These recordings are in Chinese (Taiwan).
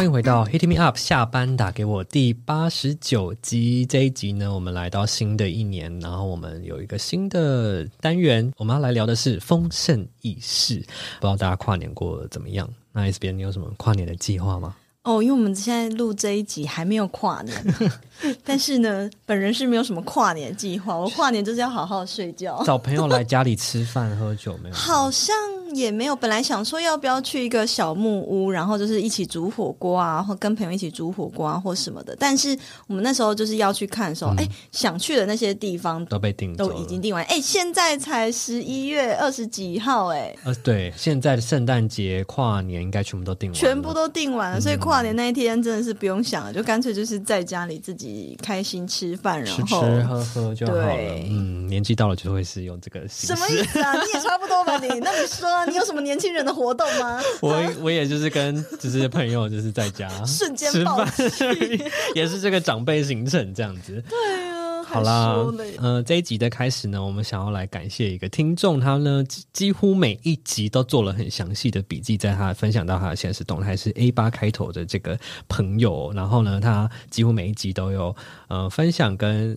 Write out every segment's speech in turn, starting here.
歡迎回到 Hit Me Up 下班打給我，第八十九集，這一集呢，我們來到新的一年，然後我們有一個新的單元，我們要來聊的是豐盛意識。不知道大家跨年過得怎麼樣？那 S 編，你有什麼跨年的計劃嗎？哦，因為我們現在錄這一集還沒有跨年， 但是呢，本人是沒有什麼跨年的計劃。我跨年就是要好好睡覺，找朋友來家裡吃飯 喝酒沒有？好像也沒有。本來想說要不要去一個小木屋，然後就是一起煮火鍋啊，或跟朋友一起煮火鍋、啊、或什麼的。但是我們那時候就是要去看的時候，哎、嗯，想去的那些地方都被訂了，都已經訂完。哎，現在才十一月二十幾號，哎，呃，對，現在的聖誕節跨年應該全部都訂完了，全部都訂完了，完所以跨年那一天真的是不用想了，就乾脆就是在家裡自己開心吃飯，然後吃喝喝就好了。對，嗯，年紀到了就會是用這個行程。什麼意思啊？你也差不多吧你？你 那你說、啊，你有什麼年輕人的活動嗎？我我也就是跟就是朋友就是在家。 瞬間暴斃。 也是這個長輩行程這樣子。對。好啦，呃，這一集的開始呢，我們想要來感謝一個聽眾，他呢幾幾乎每一集都做了很詳細的筆記，在他分享到他的限時動態是 A8 開頭的這個朋友，然後呢，他幾乎每一集都有呃分享跟。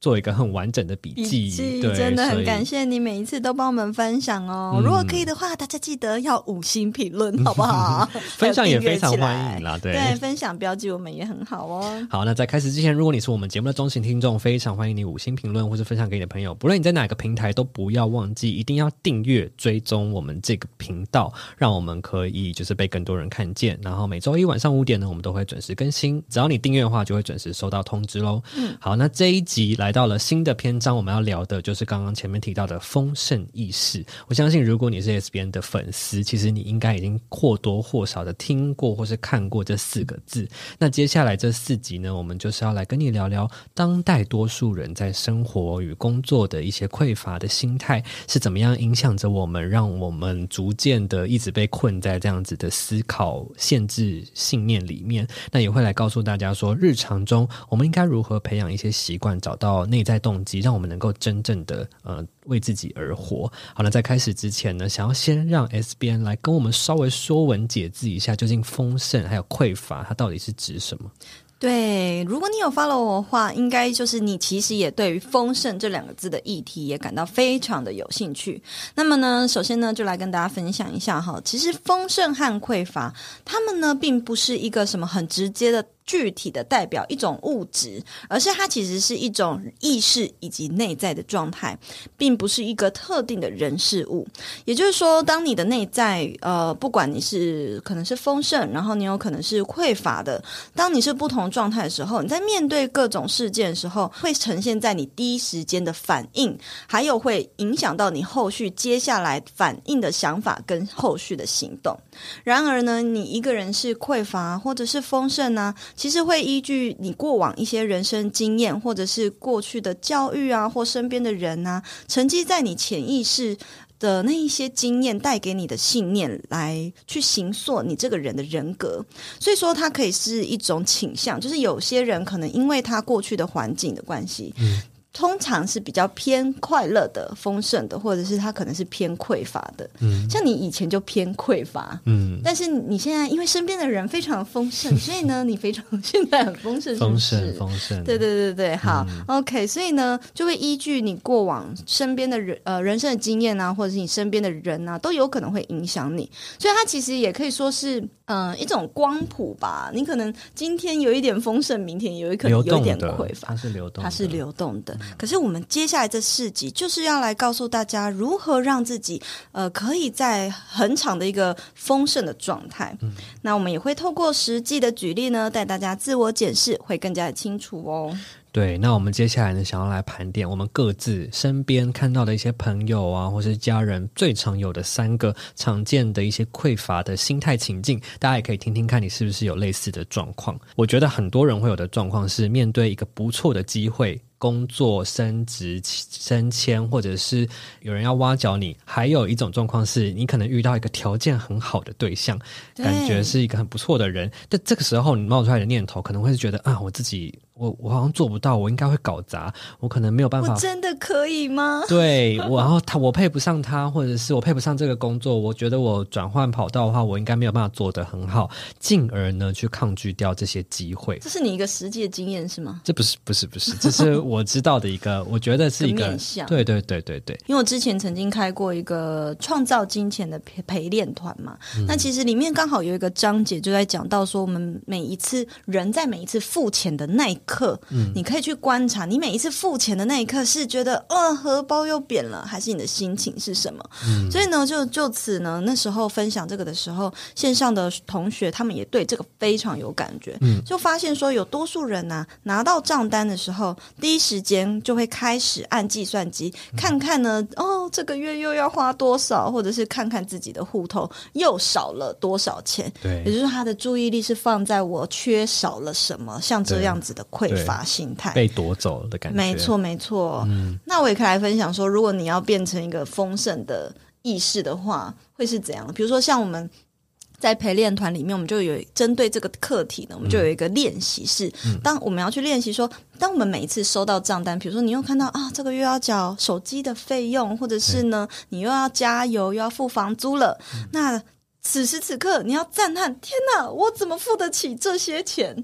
做一個很完整的筆記，筆記，對，真的很感謝你每一次都幫我們分享哦，嗯。如果可以的話，大家記得要五星評論，好不好？ 分享也非常歡迎啦，對，對，分享標記我們也很好哦。好，那在開始之前，如果你是我們節目的中心聽眾，非常歡迎你五星評論或是分享給你的朋友。不論你在哪個平台，都不要忘記一定要訂閱追蹤我們這個頻道，讓我們可以就是被更多人看見。然後每周一晚上五點呢，我們都會準時更新。只要你訂閱的話，就會準時收到通知嘍，嗯。好，那這一集來。來到了新的篇章，我們要聊的就是剛剛前面提到的“豐盛意識”。我相信，如果你是 S 編的粉絲，其實你應該已經或多或少的聽過或是看過這四個字。那接下來這四集呢，我們就是要來跟你聊聊當代多數人在生活與工作的一些匱乏的心態是怎麼樣影響着我們，讓我們逐漸的一直被困在這樣子的思考限制信念裡面。那也會來告訴大家說，日常中我們應該如何培養一些習慣，找到。內在動機，讓我們能夠真正的呃為自己而活。好了，在開始之前呢，想要先讓 S 編來跟我們稍微說文解字一下，究竟豐盛還有匱乏，它到底是指什麼？對，如果你有 follow 我的話，應該就是你其實也對於豐盛這兩個字的議題也感到非常的有興趣。那麼呢，首先呢，就來跟大家分享一下哈，其實豐盛和匱乏，他們呢並不是一個什麼很直接的。具體的代表一種物質，而是它其實是一種意識以及內在的狀態，並不是一個特定的人事物。也就是說，當你的內在呃，不管你是可能是豐盛，然後你有可能是匱乏的，當你是不同狀態的時候，你在面對各種事件的時候，會呈現在你第一時間的反應，還有會影響到你後續接下來反應的想法跟後續的行動。然而呢，你一個人是匱乏、啊、或者是豐盛呢、啊？其實會依據你過往一些人生經驗，或者是過去的教育啊，或身邊的人啊，沉積在你潛意識的那一些經驗帶給你的信念來去形塑你這個人的人格。所以說，它可以是一種傾向，就是有些人可能因為他過去的環境的關係。嗯通常是比較偏快樂的、豐盛的，或者是它可能是偏匱乏的、嗯。像你以前就偏匱乏。嗯，但是你現在因為身邊的人非常豐盛、嗯，所以呢，你非常現在很豐盛是不是？豐盛，豐盛。對對對對，好、嗯，OK。所以呢，就會依據你過往身邊的人呃人生的經驗啊，或者是你身邊的人啊，都有可能會影響你。所以它其實也可以說是。嗯、呃，一種光譜吧。你可能今天有一點豐盛，明天有可能有一點匱乏，它是流動，它是流動的，流動的、嗯。可是我們接下來這四集就是要來告訴大家，如何讓自己呃可以在很長的一個豐盛的狀態。嗯，那我們也會透過實際的舉例呢，帶大家自我檢視，會更加的清楚哦。對，那我們接下來呢，想要來盤點我們各自身邊看到的一些朋友啊，或是家人最常有的三個常見的一些匱乏的心態情境。大家也可以聽聽看，你是不是有類似的狀況？我覺得很多人會有的狀況是，面對一個不錯的機會，工作升職、升遷，或者是有人要挖角你。還有一種狀況是，你可能遇到一個條件很好的對象，對，感覺是一個很不錯的人。但這個時候，你冒出來的念頭可能會是覺得啊，我自己。我我好像做不到，我應該會搞砸，我可能沒有辦法。我真的可以嗎？ 對，我然後他，我配不上他，或者是我配不上這個工作，我覺得我轉換跑道的話，我應該沒有辦法做得很好，進而呢去抗拒掉這些機會。這是你一個實際的經驗是嗎？這不是，不是，不是，這是我知道的一個， 我覺得是一個，對，對，對，對，對，對。因為我之前曾經開過一個創造金錢的陪，陪練團嘛、嗯，那其實裡面剛好有一個章節就在講到說，我們每一次、嗯、人在每一次付錢的那。課，嗯，你可以去觀察你每一次付錢的那一刻是覺得，哦，荷包又扁了，還是你的心情是什麼？嗯，所以呢，就就此呢，那時候分享這個的時候，線上的同學他們也對這個非常有感覺，嗯，就發現說有多數人吶、啊，拿到賬單的時候，第一時間就會開始按計算機看看呢，哦，這個月又要花多少，或者是看看自己的戶頭又少了多少錢，對，也就是說他的注意力是放在我缺少了什麼，像這樣子的。匱乏心態，被奪走了的感覺，沒錯沒錯、嗯。那我也可以來分享說，如果你要變成一個豐盛的意識的話，會是怎樣的？比如說，像我們在陪練團裡面，我們就有針對這個課題呢，我們就有一個練習是、嗯：當我們要去練習說，當我們每一次收到賬單，比如說你又看到、嗯、啊，這個月要繳手機的費用，或者是呢，嗯、你又要加油又要付房租了、嗯，那此時此刻你要讚嘆：天哪，我怎麼付得起這些錢？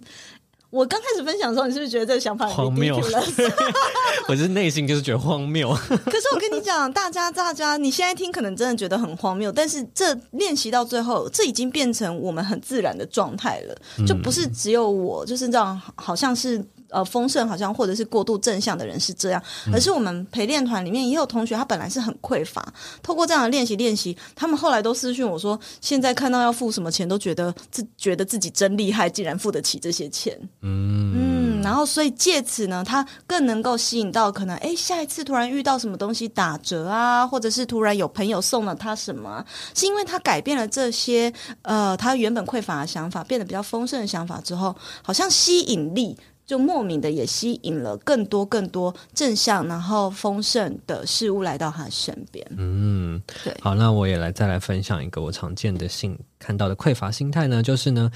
我剛開始分享的時候，你是不是覺得這個想法荒謬了？ 我是內心就是覺得荒謬。 可是我跟你講，大家大家，你現在聽可能真的覺得很荒謬，但是這練習到最後，這已經變成我們很自然的狀態了，就不是只有我，就是這樣，好像是。呃，豐盛好像或者是過度正向的人是這樣，而是我們陪練團裡面也有同學，他本來是很匱乏，透過這樣的練習練習，他們後來都私訊我說，現在看到要付什麼錢，都覺得自覺得自己真厲害，竟然付得起這些錢。嗯，嗯，然後所以借此呢，他更能夠吸引到可能，哎，下一次突然遇到什麼東西打折啊，或者是突然有朋友送了他什麼啊，是因為他改變了這些呃，他原本匱乏的想法，變得比較豐盛的想法之後，好像吸引力。就莫名的也吸引了更多更多正向然後豐盛的事物來到他身邊。嗯，對。好，那我也來再來分享一個我常見的心，看到的匱乏心態呢，就是呢，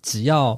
只要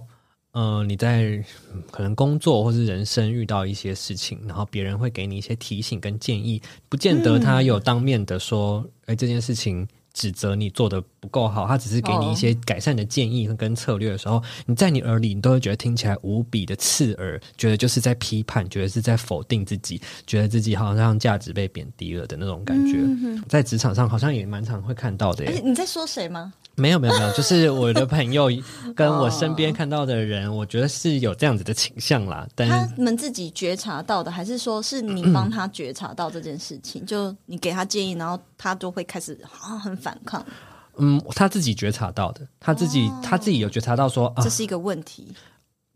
嗯、呃、你在可能工作或是人生遇到一些事情，然後別人會給你一些提醒跟建議，不見得他有當面的說，哎、嗯，這件事情。指責你做得不夠好，他只是給你一些改善的建議和跟策略的時候，oh. 你在你耳裡，你都會覺得聽起來無比的刺耳，覺得就是在批判，覺得是在否定自己，覺得自己好像價值被貶低了的那種感覺，嗯、在職場上好像也蠻常會看到的。欸，你在說誰嗎？沒有沒有沒有，就是我的朋友跟我身邊看到的人， 哦、我覺得是有這樣子的傾向啦，但他們自己覺察到的，還是說是你幫他覺察到這件事情？嗯、就你給他建議，然後他就會開始啊，很反抗。嗯，他自己覺察到的，他自己、哦、他自己有覺察到說啊，這是一個問題。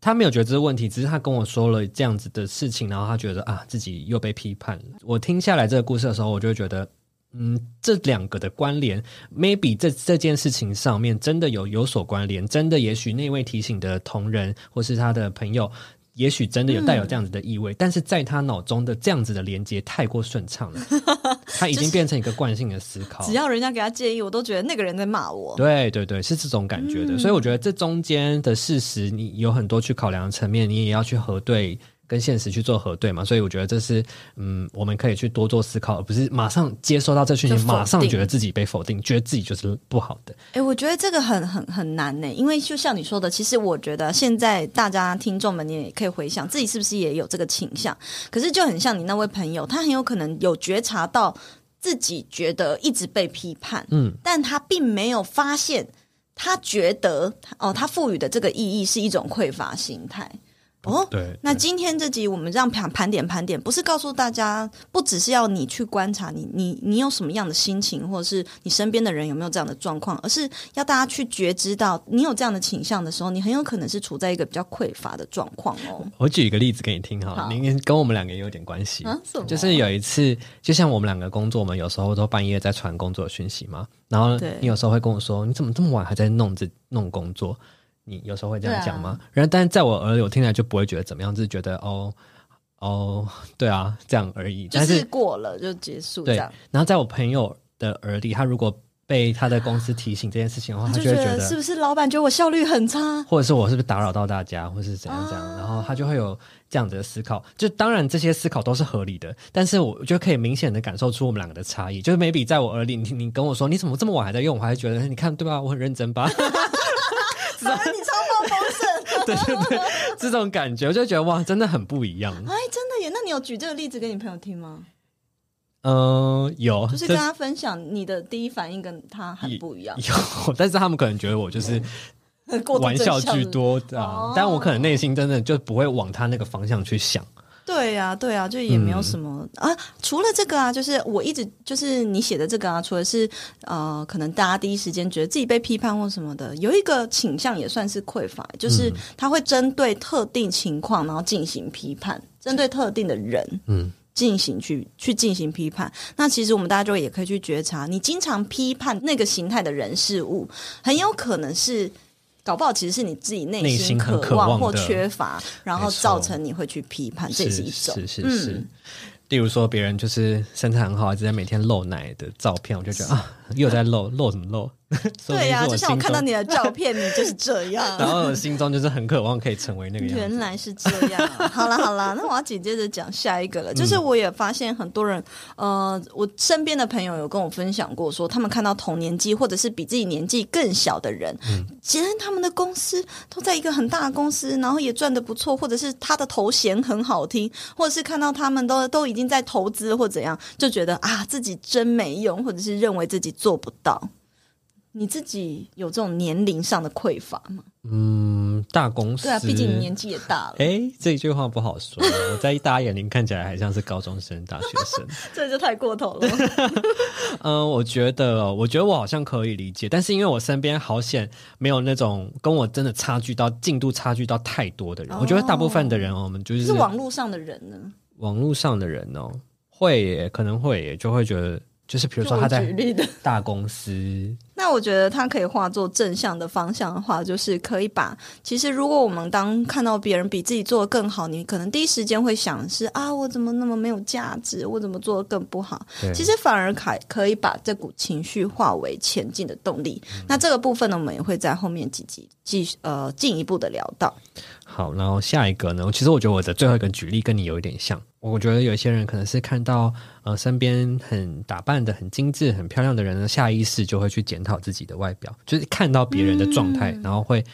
他沒有覺得這個問題，只是他跟我說了這樣子的事情，然後他覺得啊，自己又被批判。我聽下來這個故事的時候，我就會覺得。嗯，這兩個的關聯，maybe 這這件事情上面真的有有所關聯，真的也許那位提醒的同仁或是他的朋友，也許真的有帶有這樣子的意味，嗯，但是在他腦中的這樣子的連接太過順暢了， 就是，他已經變成一個慣性的思考。只要人家給他建議，我都覺得那個人在罵我。對對對，是這種感覺的，嗯。所以我覺得這中間的事實，你有很多去考量的層面，你也要去核對。跟現實去做核對嘛，所以我覺得這是，嗯，我們可以去多做思考，而不是馬上接收到這訊息就，馬上覺得自己被否定，覺得自己就是不好的。哎、欸，我覺得這個很很很難呢，因為就像你說的，其實我覺得現在大家聽眾們，你也可以回想自己是不是也有這個傾向，可是就很像你那位朋友，他很有可能有覺察到自己覺得一直被批判，嗯，但他並沒有發現，他覺得哦，他賦予的這個意義是一種匱乏心態。哦，對。那今天這集我們這樣盤盤點盤點，不是告訴大家，不只是要你去觀察你你你有什麼樣的心情，或者是你身邊的人有沒有這樣的狀況，而是要大家去覺知到，你有這樣的傾向的時候，你很有可能是處在一個比較匱乏的狀況哦。我，我舉一個例子給你聽哈，你跟我們兩個有點關係、啊，就是有一次，就像我們兩個工作，嘛，我們有時候都半夜在傳工作訊息嘛，然後你有時候會跟我說，你怎麼這麼晚還在弄這弄工作？你有時候會這樣講嗎？然後、啊，但是在我耳裡，我聽起來就不會覺得怎麼樣，就是覺得哦，哦，對啊，這樣而已。但是、就是、過了就結束。對，然後，在我朋友的耳裡，他如果被他的公司提醒這件事情的話，他、啊、就覺得，就會覺得是不是老闆覺得我效率很差，或者是我是不是打擾到大家，或是怎樣怎樣？啊、然後他就會有這樣子的思考。就當然這些思考都是合理的，但是我就可以明顯的感受出我們兩個的差異。就是 maybe 在我耳裡，你你跟我說你怎麼這麼晚還在用，我還是覺得你看對吧、啊？我很認真吧。 你超爆豐盛，這種感覺我就覺得哇，真的很不一樣。哎，真的耶！那你有舉這個例子給你朋友聽嗎？嗯、呃，有，就是跟他分享你的第一反應跟他很不一樣。有，但是他們可能覺得我就是玩笑居多啊，但我可能內心真的就不會往他那個方向去想。對呀、啊，對呀、啊，就也沒有什麼、嗯、啊。除了這個啊，就是我一直就是你寫的這個啊，除了是呃，可能大家第一時間覺得自己被批判或什麼的，有一個傾向也算是匱乏，就是他會針對特定情況，然後進行批判，針對特定的人，嗯，進行去去進行批判。那其實我們大家就也可以去覺察，你經常批判那個形態的人事物，很有可能是。搞不好其實是你自己內心渴望或缺乏，然後造成你會去批判這是一種是是是是，嗯。例如說別人就是身材很好，直接每天露奶的照片，我就覺得啊。又在漏、啊、漏什麼？漏對呀、啊，就像我看到你的照片，你就是這樣。 然後我的心中就是很渴望可以成為那個人。 原來是這樣。好了好了，那我要緊接着講下一個了。嗯、就是我也發現很多人，呃，我身邊的朋友有跟我分享過說，說他們看到同年紀或者是比自己年紀更小的人，嗯、其實他們的公司都在一個很大的公司，然後也賺得不錯，或者是他的頭銜很好聽，或者是看到他們都都已經在投資或者怎樣，就覺得啊自己真沒用，或者是認為自己。做不到，你自己有這種年齡上的匱乏嗎？嗯，大公司。對啊，畢竟你年紀也大了。哎、欸，這句話不好說， 我在大家眼裡看起來還像是高中生、大學生， 這就太過頭了。 嗯，我覺得、哦，我覺得我好像可以理解，但是因為我身邊好險沒有那種跟我真的差距到進度差距到太多的人。哦、我覺得大部分的人、哦，我們就是，是網絡上的人呢。網絡上的人哦，會也可能會也就會覺得。就是比如說他在大公司， 那我覺得他可以化作正向的方向的話，就是可以把其實如果我們當看到別人比自己做得更好，你可能第一時間會想是啊，我怎麼那麼沒有價值，我怎麼做得更不好？其實反而還可以把這股情緒化為前進的動力。嗯。那這個部分呢，我們也會在後面幾集繼續，續呃進一步的聊到。好，然後下一個呢，其實我覺得我的最後一個舉例跟你有一點像。我覺得有些人可能是看到呃身邊很打扮的很精致很漂亮的人呢，下意識就會去檢討自己的外表，就是看到別人的狀態，嗯、然後會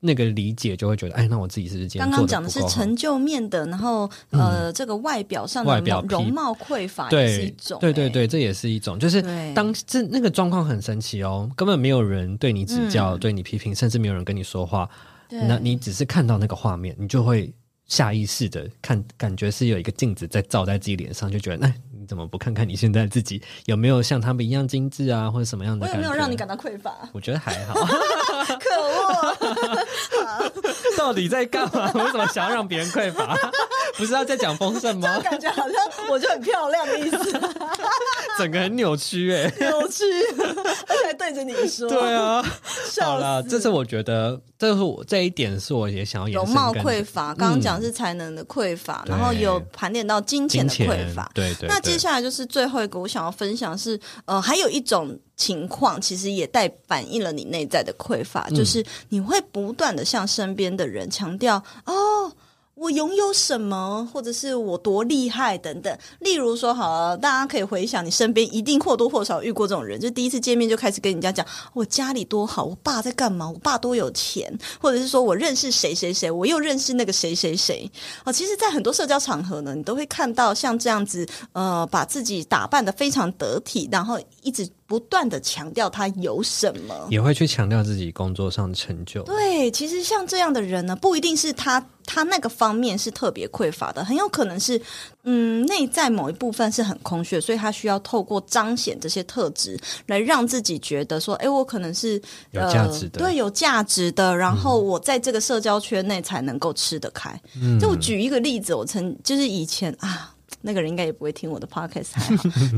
那個理解就會覺得，哎，那我自己是，不是不剛剛講的是成就面的，然後呃、嗯，這個外表上的外表容貌匱乏是一種、欸對，對對對，這也是一種。就是當這那個狀況很神奇哦，根本沒有人對你指教，嗯、對你批評，甚至沒有人跟你說話，那你只是看到那個畫面，你就會。下意識的看，感覺是有一個鏡子在照在自己臉上，就覺得，哎，你怎麼不看看你現在自己有沒有像他們一樣精致啊，或者什麼樣的感覺？我有沒有讓你感到匱乏，我覺得還好。 可惡惡， 到底在幹嘛？我為什麼想要讓別人匱乏？ 不是要再講豐盛嗎？ 感覺好像我就很漂亮的意思 整個很扭曲哎、欸，扭曲，而且還對着你說，對啊，笑好了，這次我覺得，這是我這一點是我也想要容貌匱乏，剛剛講是才能的匱乏，嗯、然後有盤點到金錢的匱乏，對，對對。那接下來就是最後一個，我想要分享是呃，還有一種情況，其實也帶反映了你內在的匱乏，嗯、就是你會不斷的向身邊的人強調哦。我擁有什麼，或者是我多厲害等等。例如說，好啊，大家可以回想，你身邊一定或多或少遇過這種人，就第一次見面就開始跟人家講我家裡多好，我爸在幹嘛，我爸多有錢，或者是說我認識誰誰誰，我又認識那個誰誰誰。哦，其實在很多社交場合呢，你都會看到像這樣子，呃，把自己打扮得非常得體，然後一直。不斷的強調他有什麼，也會去強調自己工作上成就。對，其實像這樣的人呢，不一定是他他那個方面是特別匱乏的，很有可能是嗯內在某一部分是很空穴，所以他需要透過彰顯這些特質，來讓自己覺得說，哎、欸，我可能是有價值的、呃，對，有價值的，然後我在這個社交圈內才能夠吃得開。嗯、就我舉一個例子，我曾就是以前啊。那個人應該也不會聽我的 podcast，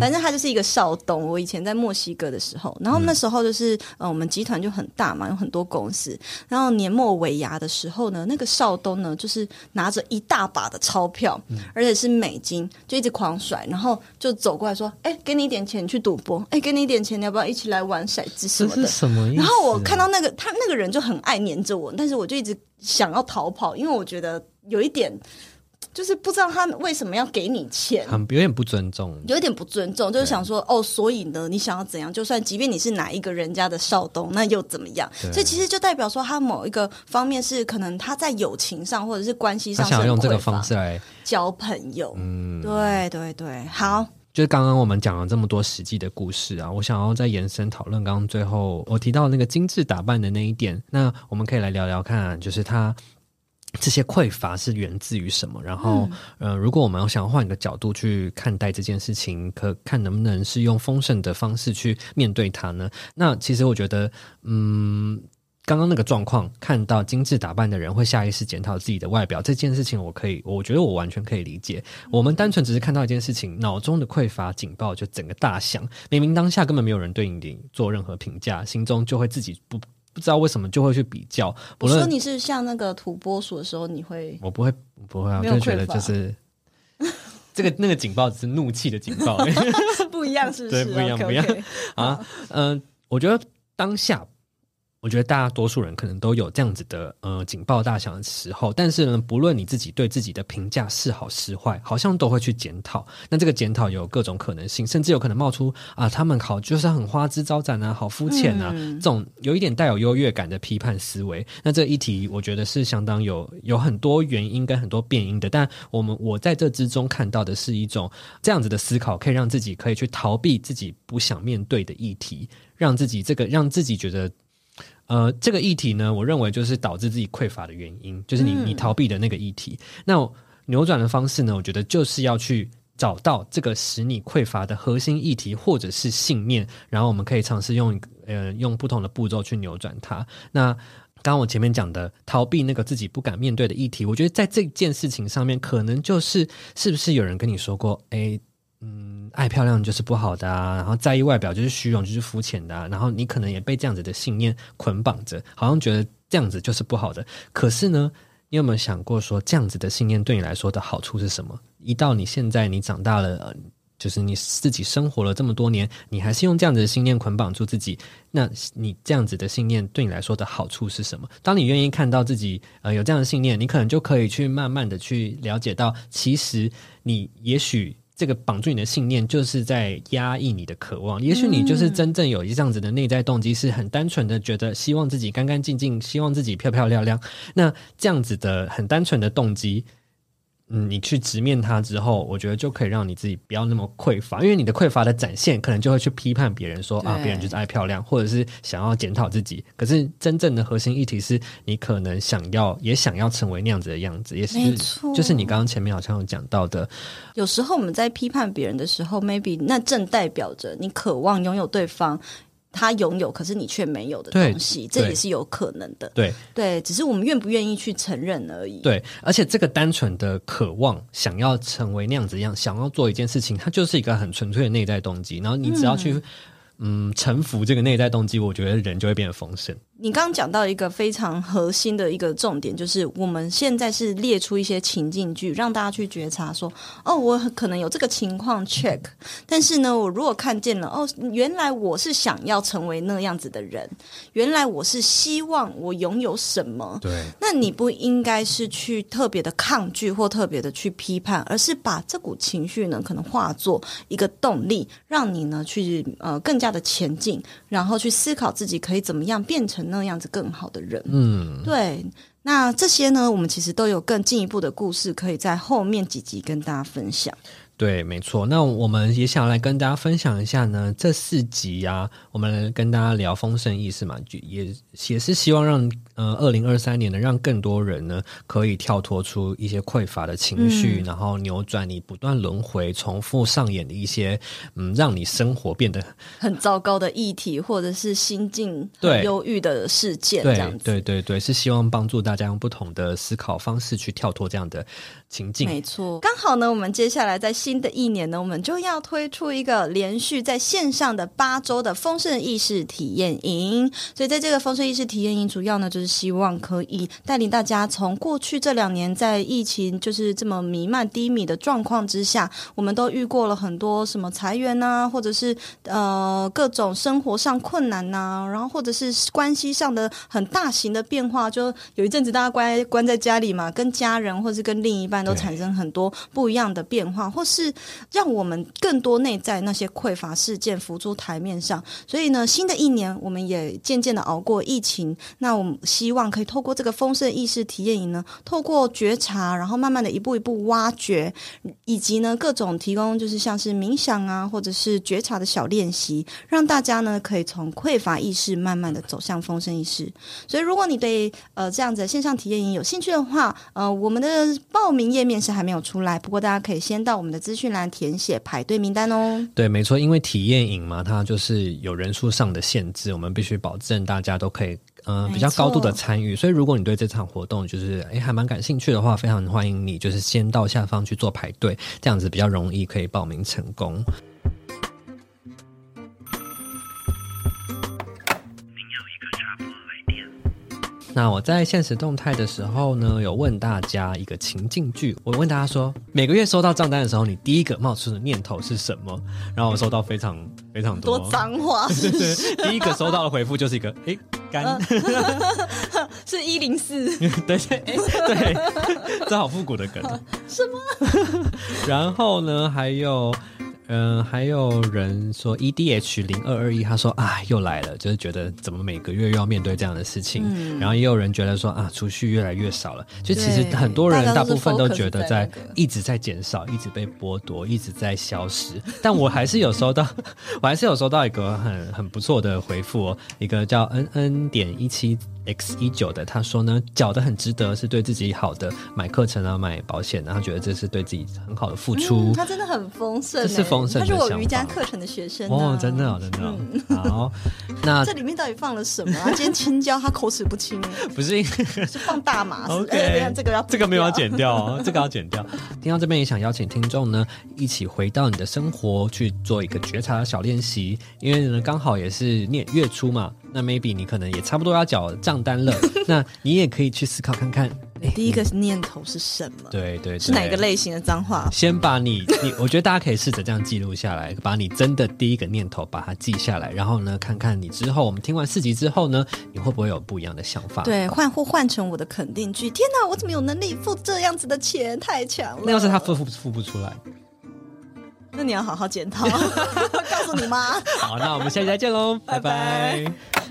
反正 他就是一個少東。我以前在墨西哥的時候，然後那時候就是、嗯，呃，我們集團就很大嘛，有很多公司。然後年末尾牙的時候呢，那個少東呢，就是拿着一大把的鈔票，嗯、而且是美金，就一直狂甩，然後就走過來說：“哎，給你一點錢去賭博，哎，給你一點錢，你要不要一起來玩骰子什麼的？”這是什麼意思啊？然後我看到那個他那個人就很愛黏着我，但是我就一直想要逃跑，因為我覺得有一點。就是不知道他為什麼要給你錢，有點不尊重，有點不尊重，就是想說哦，所以呢，你想要怎樣？就算即便你是哪一個人家的少東，那又怎麼樣？所以其實就代表說，他某一個方面是可能他在友情上或者是關係上，他想要用這個方式來交朋友。嗯，對對對，好。就是剛剛我們講了這麼多實際的故事啊，我想要再延伸討論。剛剛最後我提到那個精緻打扮的那一點，那我們可以來聊聊看，就是他。這些匱乏是源自於什麼？然後，嗯、呃，如果我們要想換一個角度去看待這件事情，可看能不能是用豐盛的方式去面對它呢？那其實我覺得，嗯，剛剛那個狀況，看到精緻打扮的人會下意識檢討自己的外表這件事情，我可以，我覺得我完全可以理解。我們單純只是看到一件事情，腦中的匱乏警報就整個大響，明明當下根本沒有人對你做任何評價，心中就會自己不。不知道為什麼就會去比較。你說你是像那個土撥鼠的時候，你會？我不會，不會，啊，我就覺得就是 這個那個警報只是怒氣的警報而已， 不一樣是不是？對，不一樣，okay, okay. 不一樣啊！嗯、 呃，我覺得當下。我覺得大多數人可能都有這樣子的呃警報大響的時候，但是呢，不論你自己對自己的評價是好是壞，好像都會去檢討。那這個檢討有各種可能性，甚至有可能冒出啊，他們好就是很花枝招展啊，好膚淺啊、嗯，這種有一點帶有優越感的批判思維。那這議題，我覺得是相當有有很多原因跟很多變因的。但我們我在這之中看到的是一種這樣子的思考，可以讓自己可以去逃避自己不想面對的議題，讓自己這個讓自己覺得。呃，這個議題呢，我認為就是導致自己匱乏的原因，就是你你逃避的那個議題。嗯。那扭轉的方式呢，我覺得就是要去找到這個使你匱乏的核心議題或者是信念，然後我們可以嘗試用呃用不同的步驟去扭轉它。那剛剛我前面講的逃避那個自己不敢面對的議題，我覺得在這件事情上面，可能就是是不是有人跟你說過，誒。嗯，愛漂亮就是不好的啊，然後在意外表就是虛榮，就是膚淺的啊。然後你可能也被這樣子的信念捆綁着，好像覺得這樣子就是不好的。可是呢，你有沒有想過說，這樣子的信念對你來說的好處是什麼？一到你現在，你長大了，呃，就是你自己生活了這麼多年，你還是用這樣子的信念捆綁住自己，那你這樣子的信念對你來說的好處是什麼？當你願意看到自己，呃，有這樣的信念，你可能就可以去慢慢的去了解到，其實你也許。這個綁住你的信念，就是在壓抑你的渴望。也許你就是真正有一這樣子的內在動機，是很單純的，覺得希望自己乾乾淨淨，希望自己漂漂亮亮。那這樣子的很單純的動機。你去直面它之後，我覺得就可以讓你自己不要那麼匱乏，因為你的匱乏的展現，可能就會去批判別人說啊，別人就是愛漂亮，或者是想要檢討自己。可是真正的核心議題是你可能想要也想要成為那樣子的樣子，也是，就是你剛剛前面好像有講到的，有時候我們在批判別人的時候，maybe 那正代表着你渴望擁有對方。他擁有，可是你卻沒有的東西，這也是有可能的。對對，只是我們願不願意去承認而已。對，而且這個單純的渴望，想要成為那樣子一樣，想要做一件事情，它就是一個很純粹的內在動機。然後你只要去，嗯，嗯臣服這個內在動機，我覺得人就會變得豐盛。你剛剛講到一個非常核心的一個重點，就是我們現在是列出一些情境劇，讓大家去覺察說：“哦，我可能有這個情況 check。”但是呢，我如果看見了，哦，原來我是想要成為那樣子的人，原來我是希望我擁有什麼？對。那你不應該是去特別的抗拒或特別的去批判，而是把這股情緒呢，可能化作一個動力，讓你呢去呃更加的前進，然後去思考自己可以怎麼樣變成。那樣子更好的人，嗯，對，那這些呢，我們其實都有更進一步的故事，可以在後面幾集跟大家分享。對，沒錯。那我們也想來跟大家分享一下呢，這四集啊，我們來跟大家聊豐盛意識嘛，就也也是希望讓。嗯，二零二三年呢，讓更多人呢可以跳脫出一些匱乏的情緒、嗯，然後扭轉你不斷輪迴、重複上演的一些嗯，讓你生活變得很，很糟糕的議題，或者是心境對憂鬱的事件，對對對、對、對，是希望幫助大家用不同的思考方式去跳脫這樣的情境。沒錯，剛好呢，我們接下來在新的一年呢，我們就要推出一個連續在線上的八周的豐盛意識體驗營。所以，在這個豐盛意識體驗營，主要呢就是。希望可以帶領大家從過去這兩年在疫情就是這麼彌漫低迷的狀況之下，我們都遇過了很多什麼裁員吶、啊，或者是呃各種生活上困難吶、啊，然後或者是關係上的很大型的變化，就有一陣子大家關關在家裡嘛，跟家人或是跟另一半都產生很多不一樣的變化，或是讓我們更多內在那些匱乏事件浮出檯面上。所以呢，新的一年我們也漸漸的熬過疫情，那我們。希望可以透過這個豐盛意識體驗營呢，透過覺察，然後慢慢的一步一步挖掘，以及呢各種提供，就是像是冥想啊，或者是覺察的小練習，讓大家呢可以從匱乏意識慢慢的走向豐盛意識。所以，如果你對呃這樣子的線上體驗營有興趣的話，呃，我們的報名頁面是還沒有出來，不過大家可以先到我們的資訊欄填寫排隊名單哦。對，沒錯，因為體驗營嘛，它就是有人數上的限制，我們必須保證大家都可以。嗯，比較高度的參與，所以如果你對這場活動，就是哎、欸、還蠻感興趣的話，非常歡迎你，就是先到下方去做排隊，這樣子比較容易可以報名成功。您有一個，那我在限時動態的時候呢，有問大家一個情境劇，我問大家說，每個月收到賬單的時候，你第一個冒出的念頭是什麼？然後我收到非常非常多髒話，是是，對對，第一個收到的回復就是一個哎。欸呃、 是一零四，對、欸、對，這 好復古的梗、啊。什麼？ 然後呢？還有。嗯、呃，還有人說 E D H 零二二一，他說啊，又來了，就是覺得怎麼每個月又要面對這樣的事情。嗯、然後也有人覺得說啊，儲蓄越來越少了，就、嗯、其實很多人大部分都覺得在一直在減少，一直被剝奪，一直在消失。但我還是有收到， 我還是有收到一個很很不錯的回覆、哦，一個叫 N N 點一七。X 一九的他說呢，繳得很值得，是對自己好的，買課程啊，買保險、啊，然後覺得這是對自己很好的付出。嗯、他真的很豐盛，這是豐盛。他是我瑜伽課程的學生。哦，真的，真的。嗯、好，那這裡面到底放了什麼？ 啊、今天青椒，他口齒不清。不是， 是放大麻 okay、欸、這個要這個沒有要剪掉哦，這個要剪掉。 聽到這邊也想邀請聽眾呢，一起回到你的生活去做一個覺察的小練習，因為呢剛好也是念月初嘛。那 maybe 你可能也差不多要繳賬單了， 那你也可以去思考看看，欸、第一個念頭是什麼？對對，對，是哪一個類型的髒話？嗯、先把你 你，我覺得大家可以試着這樣記錄下來，把你真的第一個念頭把它記下來，然後呢，看看你之後，我們聽完四集之後呢，你會不會有不一樣的想法？對，換或換成我的肯定句，天哪，我怎麼有能力付這樣子的錢？太強了。那要是他付付付不出來，那你要好好檢討， 我告訴你媽。好，那我們下期再見嘍， 拜拜。